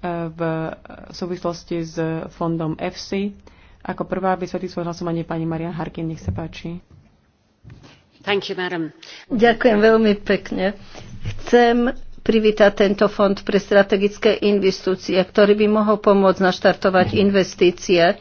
v súvislosti s fondom EFSI. Ako prvá vysvetlí svoje hlasovanie pani Maria Harkin, nech sa páči. Thank you, madam. Ďakujem veľmi pekne. Chcem privítať tento fond pre strategické investície, ktorý by mohol pomôcť naštartovať investície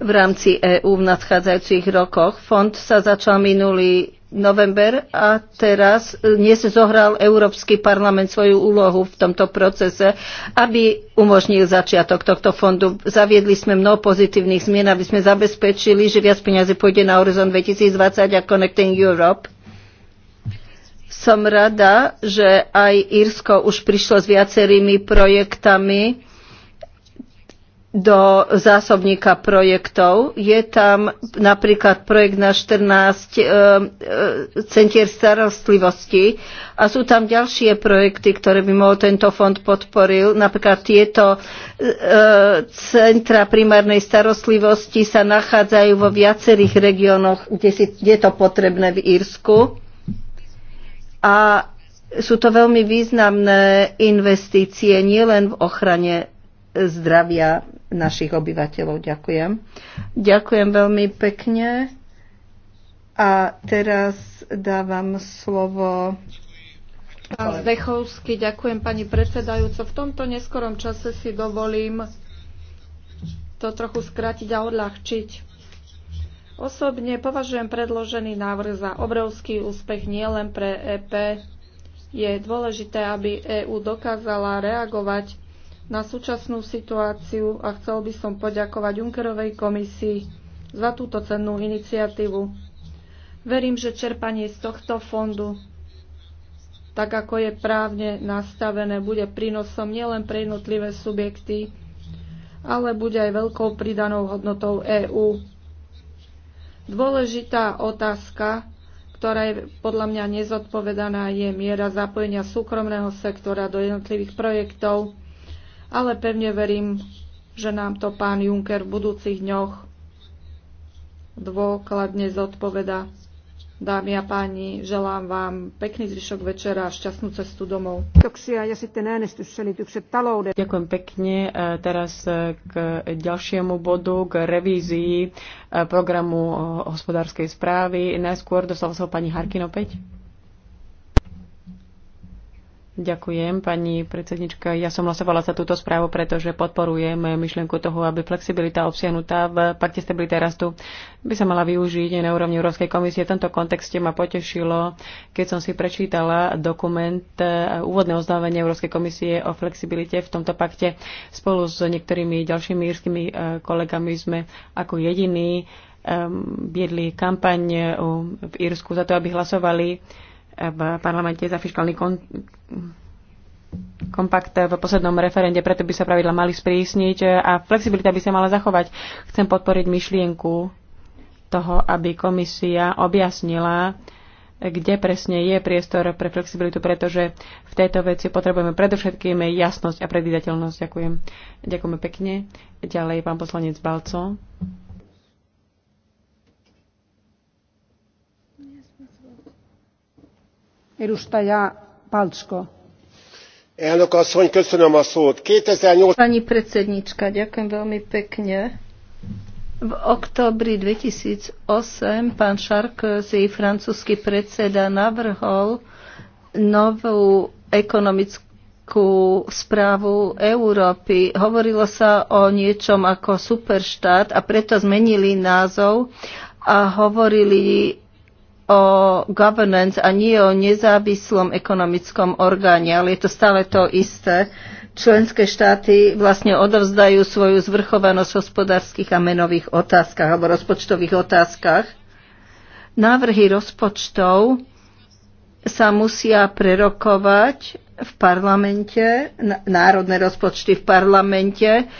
v rámci EÚ v nadchádzajúcich rokoch. Fond sa začal minulý november a teraz e, dnes zohral Európsky parlament svoju úlohu v tomto procese, aby umožnil začiatok tohto fondu. Zaviedli sme mnoho pozitívnych zmien, aby sme zabezpečili, že viac peniazy pôjde na Horizon 2020 a Connecting Europe. Som rada, že aj Írsko už prišlo s viacerými projektami, do zásobníka projektov. Je tam napríklad projekt na 14 e, e, centier starostlivosti a sú tam ďalšie projekty, ktoré by mohol tento fond podporil. Napríklad tieto e, centra primárnej starostlivosti sa nachádzajú vo viacerých regiónoch, kde, kde je to potrebné v Írsku. A sú to veľmi významné investície nielen v ochrane zdravia našich obyvateľov. Ďakujem. Ďakujem veľmi pekne. A teraz dávam slovo Pán Zdechovský, ďakujem pani predsedajúco. V tomto neskorom čase si dovolím to trochu skrátiť a odľahčiť. Osobne považujem predložený návrh za obrovský úspech nielen pre EP. Je dôležité, aby EÚ dokázala reagovať na súčasnú situáciu a chcel by som poďakovať Junkerovej komisii za túto cennú iniciatívu. Verím, že čerpanie z tohto fondu, tak ako je právne nastavené, bude prínosom nielen pre jednotlivé subjekty, ale bude aj veľkou pridanou hodnotou EÚ. Dôležitá otázka, ktorá je podľa mňa nezodpovedaná, je miera zapojenia súkromného sektora do jednotlivých projektov ale pevne verím, že nám to pán Juncker v budúcich dňoch dôkladne zodpoveda. Dámy a páni, želám vám pekný zvyšok večera a šťastnú cestu domov. Ďakujem pekne. E, teraz e, k ďalšiemu bodu, k revízii e, programu hospodárskej správy. Najskôr dostal sa pani Harkin opäť. Ďakujem, pani predsednička. Ja som hlasovala za túto správu, pretože podporujem myšlienku toho, aby flexibilita obsiahnutá v pakte stability rastu by sa mala využiť na úrovni Európskej komisie. V tomto kontexte ma potešilo, keď som si prečítala dokument e, úvodné oznámenie Európskej komisie o flexibilite v tomto pakte. Spolu s niektorými ďalšími írskymi e, kolegami sme ako jediní e, viedli kampaň v Írsku za to, aby hlasovali v parlamente za fiskálny kon- kompakt v poslednom referende, preto by sa pravidla mali sprísniť a flexibilita by sa mala zachovať. Chcem podporiť myšlienku toho, aby komisia objasnila, kde presne je priestor pre flexibilitu, pretože v tejto veci potrebujeme predovšetkým jasnosť a predvídateľnosť. Ďakujem. Ďakujeme pekne. Ďalej pán poslanec Balco elnök asszony two thousand and eight pani predsedníčka ďakujem veľmi pekne. v októbri two thousand and eight pán sarkozy francúzsky predseda navrhol novú ekonomickú správu Európy. Hovorilo sa o niečom ako superštát a preto zmenili názov a hovorili o governance a nie o nezávislom ekonomickom orgáne, ale je to stále to isté. Členské štáty vlastne odovzdajú svoju zvrchovanosť v hospodárskych a menových otázkach alebo rozpočtových otázkach. Návrhy rozpočtov sa musia prerokovať v parlamente, národné rozpočty v parlamente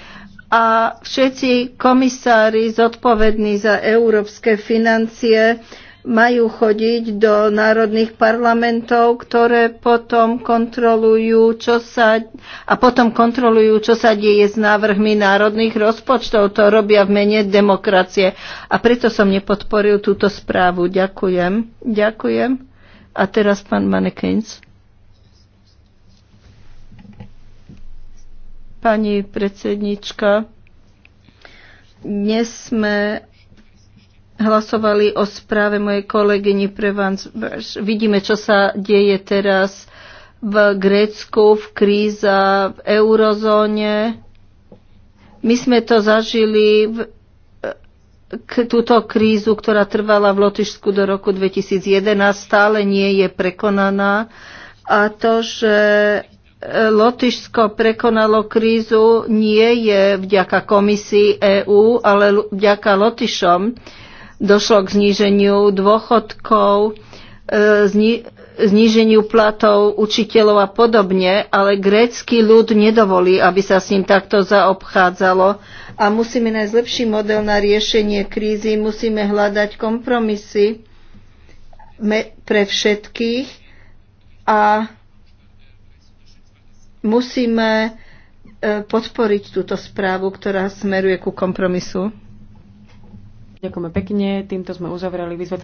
a všetci komisári zodpovední za európske financie majú chodiť do národných parlamentov, ktoré potom kontrolujú, čo sa, a potom kontrolujú, čo sa deje s návrhmi národných rozpočtov. To robia v mene demokracie. A preto som nepodporil túto správu. Ďakujem. Ďakujem. A teraz pán Manekins. Pani predsednička, dnes sme hlasovali o správe mojej kolegyni Prevans. Vidíme, čo sa deje teraz v Grécku, v kríza, v eurozóne. My sme to zažili v k túto krízu, ktorá trvala v Lotyšsku do roku 2011, stále nie je prekonaná. A to, že e, Lotyšsko prekonalo krízu, nie je vďaka komisii EÚ, ale vďaka Lotyšom Došlo k zníženiu dôchodkov, e, zni- zníženiu platov učiteľov a podobne, ale grécky ľud nedovolí, aby sa s ním takto zaobchádzalo a musíme nájsť lepší model na riešenie krízy, musíme hľadať kompromisy pre všetkých a musíme e, podporiť túto správu, ktorá smeruje ku kompromisu. Ďakujeme pekne. Týmto sme uzavreli výzvu.